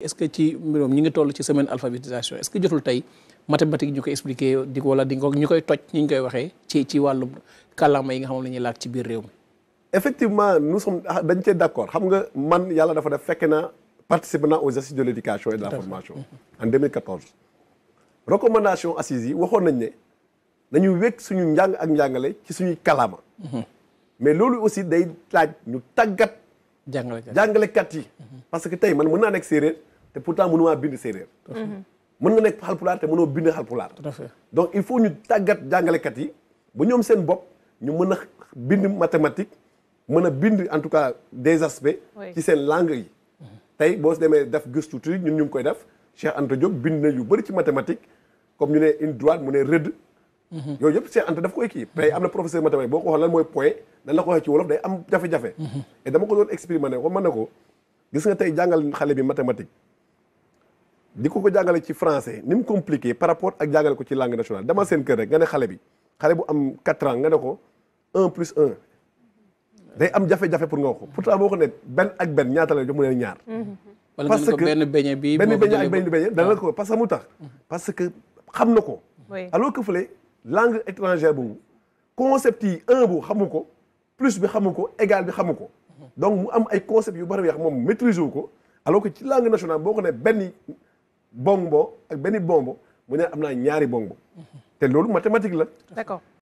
est-ce que ci mbiroom ñi ngi toll ci semaine alphabétisation est-ce que jotul tey mathématique ñu koy expliquer di wala di ko ñu koy toj ñu koy waxee ci ci wàllum kàllaama yi nga xam ne la ñuy laaj ci biir réew mi. effectivement nous sommes ah, dañ cee d'accord xam nga man yàlla dafa def fekke na participe naa aux assises de l'éducation et de la formation. en yi waxoon nañ ne nañu wekk suñu njàng ak njàngale ci suñuy kàllaama. Mhm. mais loolu aussi day laaj ñu tàggat. jàngalekat jàngalekat yi. Mhm. parce que tey te pourtant mënumaa bind séeréer mën nga nekk xalpulaar te mënoo bind xalpulaar donc il faut ñu tàggat jàngalekat yi ba ñoom seen bopp ñu mën a bind mathématique mën a bind en tout cas des aspects ci seen langue yi tey boo demee def gëstu tuuti ñun ñu ngi koy def Cheikh Anta Diop bind na yu bëri ci mathématique comme ñu ne une droite mu ne rëdd yooyu yëpp Cheikh Anta daf koy kii tey am na professeur mathématique boo ko waxee lan mooy point nan la ko waxee am jafe-jafe mhm. et dama ko doon expérimenté ko mën na ko gis nga tey jàngal xale bi mathématique di ko ko jàngale ci français ni mu compliqué par rapport ak jàngale ko ci langue nationale dama seen kër rek nga ne xale bi xale bu am 4 ans nga ko 1 plus 1 day am jafe-jafe pour nga pourtant boo ko ben ak ben ñaata la jox mu neen parce que ben ben bi benn beñe ak benn beñe ko parce que mu parce que xam ko. alors que fële langue étrangère boobu concept 1 bu xamu plus bi xamu égal bi xamu donc mu am ay concept yu bari yoo xam moom maîtrise ko alors que ci langue nationale boo ko ben. bongo ak benn bombo mu ne am naa ñaari bongo mhm. te loolu mathématique la d'accord